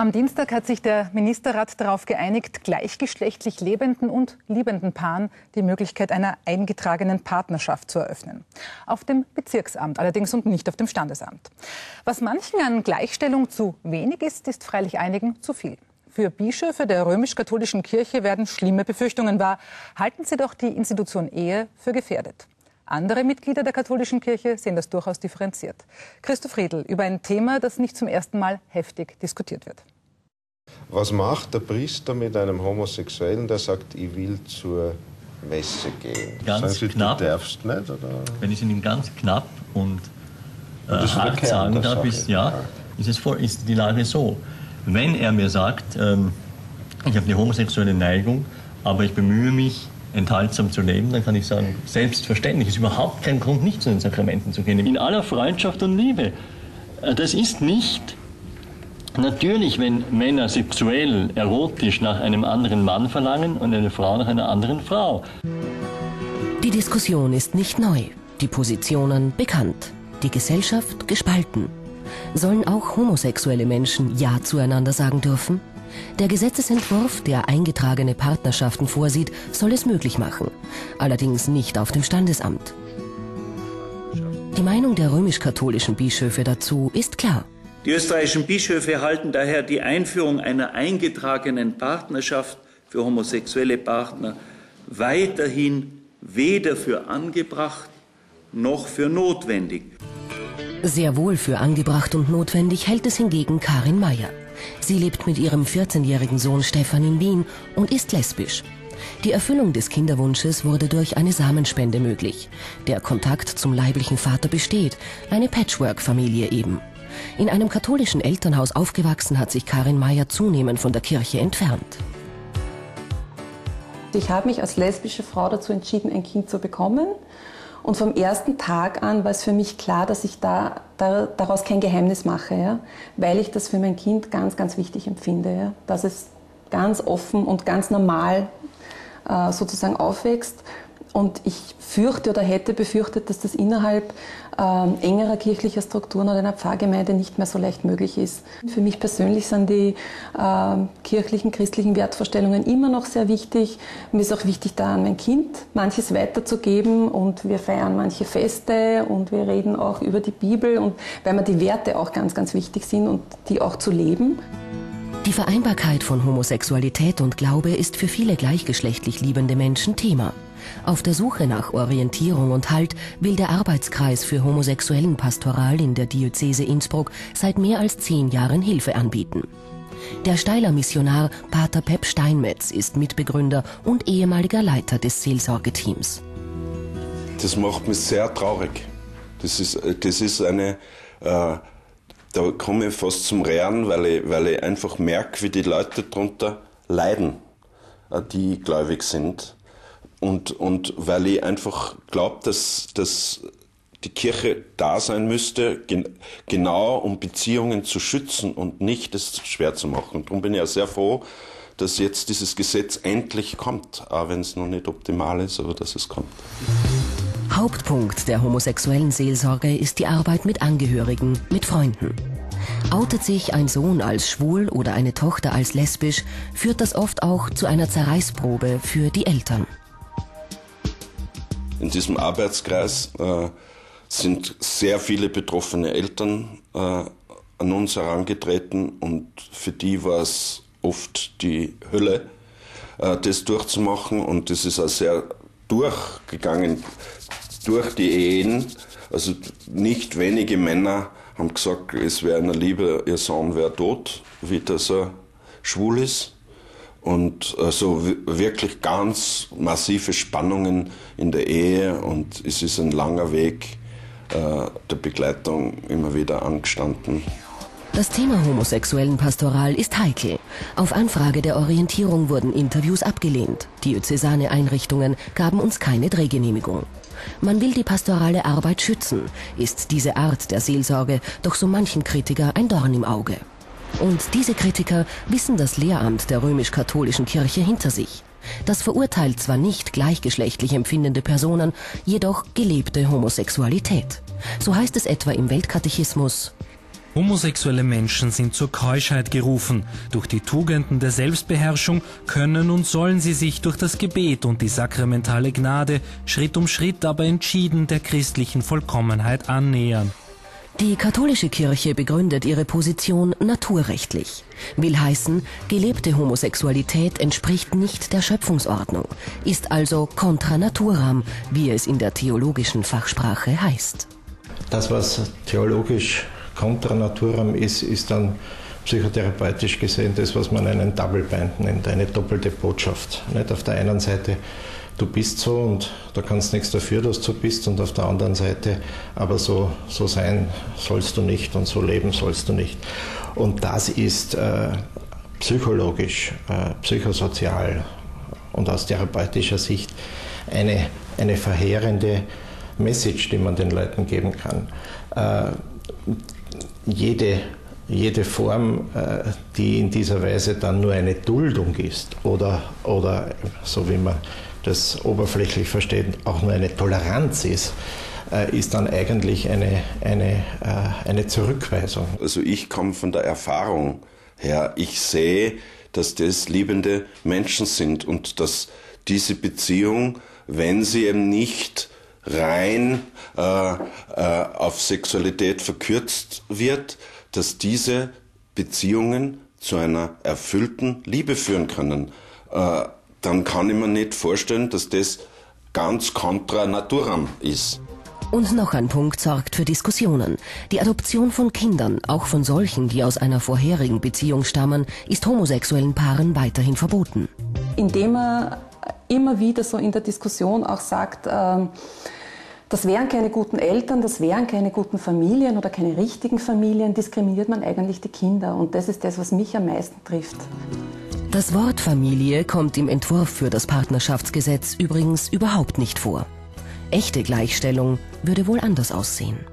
Am Dienstag hat sich der Ministerrat darauf geeinigt, gleichgeschlechtlich lebenden und liebenden Paaren die Möglichkeit einer eingetragenen Partnerschaft zu eröffnen. Auf dem Bezirksamt allerdings und nicht auf dem Standesamt. Was manchen an Gleichstellung zu wenig ist, ist freilich einigen zu viel. Für Bischöfe der römisch-katholischen Kirche werden schlimme Befürchtungen wahr. Halten Sie doch die Institution Ehe für gefährdet. Andere Mitglieder der katholischen Kirche sehen das durchaus differenziert. Christoph Riedl über ein Thema, das nicht zum ersten Mal heftig diskutiert wird. Was macht der Priester mit einem Homosexuellen, der sagt, ich will zur Messe gehen? Ganz Sie, knapp. Du darfst nicht, oder? Wenn ich Ihnen ganz knapp und, äh, und hart sagen darf, ist, ja, ist, es vor, ist die Lage so. Wenn er mir sagt, ähm, ich habe eine homosexuelle Neigung, aber ich bemühe mich, enthaltsam zu leben, dann kann ich sagen, selbstverständlich ist überhaupt kein Grund, nicht zu den Sakramenten zu gehen. In aller Freundschaft und Liebe. Äh, das ist nicht natürlich, wenn Männer sexuell, erotisch nach einem anderen Mann verlangen und eine Frau nach einer anderen Frau. Die Diskussion ist nicht neu, die Positionen bekannt, die Gesellschaft gespalten. Sollen auch homosexuelle Menschen Ja zueinander sagen dürfen? Der Gesetzesentwurf, der eingetragene Partnerschaften vorsieht, soll es möglich machen, allerdings nicht auf dem Standesamt. Die Meinung der römisch-katholischen Bischöfe dazu ist klar. Die österreichischen Bischöfe halten daher die Einführung einer eingetragenen Partnerschaft für homosexuelle Partner weiterhin weder für angebracht noch für notwendig. Sehr wohl für angebracht und notwendig hält es hingegen Karin Mayer. Sie lebt mit ihrem 14-jährigen Sohn Stefan in Wien und ist lesbisch. Die Erfüllung des Kinderwunsches wurde durch eine Samenspende möglich. Der Kontakt zum leiblichen Vater besteht, eine Patchwork-Familie eben. In einem katholischen Elternhaus aufgewachsen hat sich Karin Meyer zunehmend von der Kirche entfernt. Ich habe mich als lesbische Frau dazu entschieden, ein Kind zu bekommen und vom ersten Tag an war es für mich klar, dass ich da, da daraus kein Geheimnis mache, ja? weil ich das für mein Kind ganz, ganz wichtig empfinde, ja? dass es ganz offen und ganz normal äh, sozusagen aufwächst und ich fürchte oder hätte befürchtet, dass das innerhalb ähm, engerer kirchlicher Strukturen oder einer Pfarrgemeinde nicht mehr so leicht möglich ist. Für mich persönlich sind die äh, kirchlichen, christlichen Wertvorstellungen immer noch sehr wichtig. Mir ist auch wichtig, da an mein Kind manches weiterzugeben und wir feiern manche Feste und wir reden auch über die Bibel und weil mir die Werte auch ganz, ganz wichtig sind und die auch zu leben. Die Vereinbarkeit von Homosexualität und Glaube ist für viele gleichgeschlechtlich liebende Menschen Thema. Auf der Suche nach Orientierung und Halt will der Arbeitskreis für homosexuellen Pastoral in der Diözese Innsbruck seit mehr als zehn Jahren Hilfe anbieten. Der Steiler Missionar Pater Pep Steinmetz ist Mitbegründer und ehemaliger Leiter des Seelsorgeteams. Das macht mich sehr traurig. Das ist, das ist eine, äh, da komme ich fast zum Rehren, weil ich, weil ich einfach merke, wie die Leute darunter leiden, äh, die gläubig sind und, und weil ich einfach glaube, dass, dass die Kirche da sein müsste, gen genau um Beziehungen zu schützen und nicht es schwer zu machen. Darum bin ich ja sehr froh, dass jetzt dieses Gesetz endlich kommt, auch wenn es noch nicht optimal ist, aber dass es kommt. Hauptpunkt der homosexuellen Seelsorge ist die Arbeit mit Angehörigen, mit Freunden. Outet sich ein Sohn als schwul oder eine Tochter als lesbisch, führt das oft auch zu einer Zerreißprobe für die Eltern in diesem Arbeitskreis äh, sind sehr viele betroffene Eltern äh, an uns herangetreten und für die war es oft die Hölle, äh, das durchzumachen und das ist auch sehr durchgegangen durch die Ehen. Also nicht wenige Männer haben gesagt, es wäre einer Liebe, ihr Sohn wäre tot, wie dass er schwul ist und äh, so wirklich ganz massive Spannungen in der Ehe und es ist ein langer Weg äh, der Begleitung immer wieder angestanden. Das Thema homosexuellen Pastoral ist heikel. Auf Anfrage der Orientierung wurden Interviews abgelehnt. Diözesane Einrichtungen gaben uns keine Drehgenehmigung. Man will die pastorale Arbeit schützen, ist diese Art der Seelsorge doch so manchen Kritiker ein Dorn im Auge. Und diese Kritiker wissen das Lehramt der römisch-katholischen Kirche hinter sich. Das verurteilt zwar nicht gleichgeschlechtlich empfindende Personen, jedoch gelebte Homosexualität. So heißt es etwa im Weltkatechismus. Homosexuelle Menschen sind zur Keuschheit gerufen. Durch die Tugenden der Selbstbeherrschung können und sollen sie sich durch das Gebet und die sakramentale Gnade Schritt um Schritt aber entschieden der christlichen Vollkommenheit annähern. Die katholische Kirche begründet ihre Position naturrechtlich. Will heißen, gelebte Homosexualität entspricht nicht der Schöpfungsordnung, ist also contra naturam, wie es in der theologischen Fachsprache heißt. Das, was theologisch contra naturam ist, ist dann psychotherapeutisch gesehen das, was man einen Double Bind nennt, eine doppelte Botschaft. Nicht auf der einen Seite du bist so und da kannst nichts dafür, dass du bist und auf der anderen Seite, aber so, so sein sollst du nicht und so leben sollst du nicht. Und das ist äh, psychologisch, äh, psychosozial und aus therapeutischer Sicht eine, eine verheerende Message, die man den Leuten geben kann. Äh, jede jede Form, äh, die in dieser Weise dann nur eine Duldung ist oder, oder so wie man das oberflächlich versteht, auch nur eine Toleranz ist, äh, ist dann eigentlich eine, eine, äh, eine Zurückweisung. Also ich komme von der Erfahrung her. Ich sehe, dass das liebende Menschen sind und dass diese Beziehung, wenn sie eben nicht rein äh, äh auf Sexualität verkürzt wird, dass diese Beziehungen zu einer erfüllten Liebe führen können. Äh, dann kann ich mir nicht vorstellen, dass das ganz contra naturam ist. Und noch ein Punkt sorgt für Diskussionen. Die Adoption von Kindern, auch von solchen, die aus einer vorherigen Beziehung stammen, ist homosexuellen Paaren weiterhin verboten. Indem er immer wieder so in der Diskussion auch sagt, äh, das wären keine guten Eltern, das wären keine guten Familien oder keine richtigen Familien, diskriminiert man eigentlich die Kinder. Und das ist das, was mich am meisten trifft. Das Wort Familie kommt im Entwurf für das Partnerschaftsgesetz übrigens überhaupt nicht vor. Echte Gleichstellung würde wohl anders aussehen.